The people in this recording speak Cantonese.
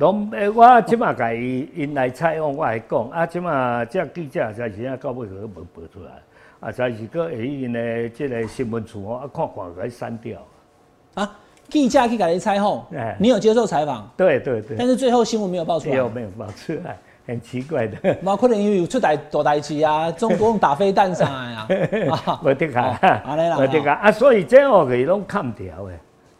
攏誒，我即馬甲伊，因、哦、來採訪我、啊、來講，啊，即馬即記者才是啊，到尾都無報出來，啊，才是擱誒因誒即個新聞處，啊，看看互伊刪掉。啊，記者去甲伊採訪，你有接受採訪？對對對。但是最後新聞沒有報出來，沒有報出來，很奇怪的。冇可能因為有出大代志啊，中共打飛彈啥呀？冇、啊啊啊、得看，冇、啊、得看、啊啊。啊，所以這兩個攏砍掉誒。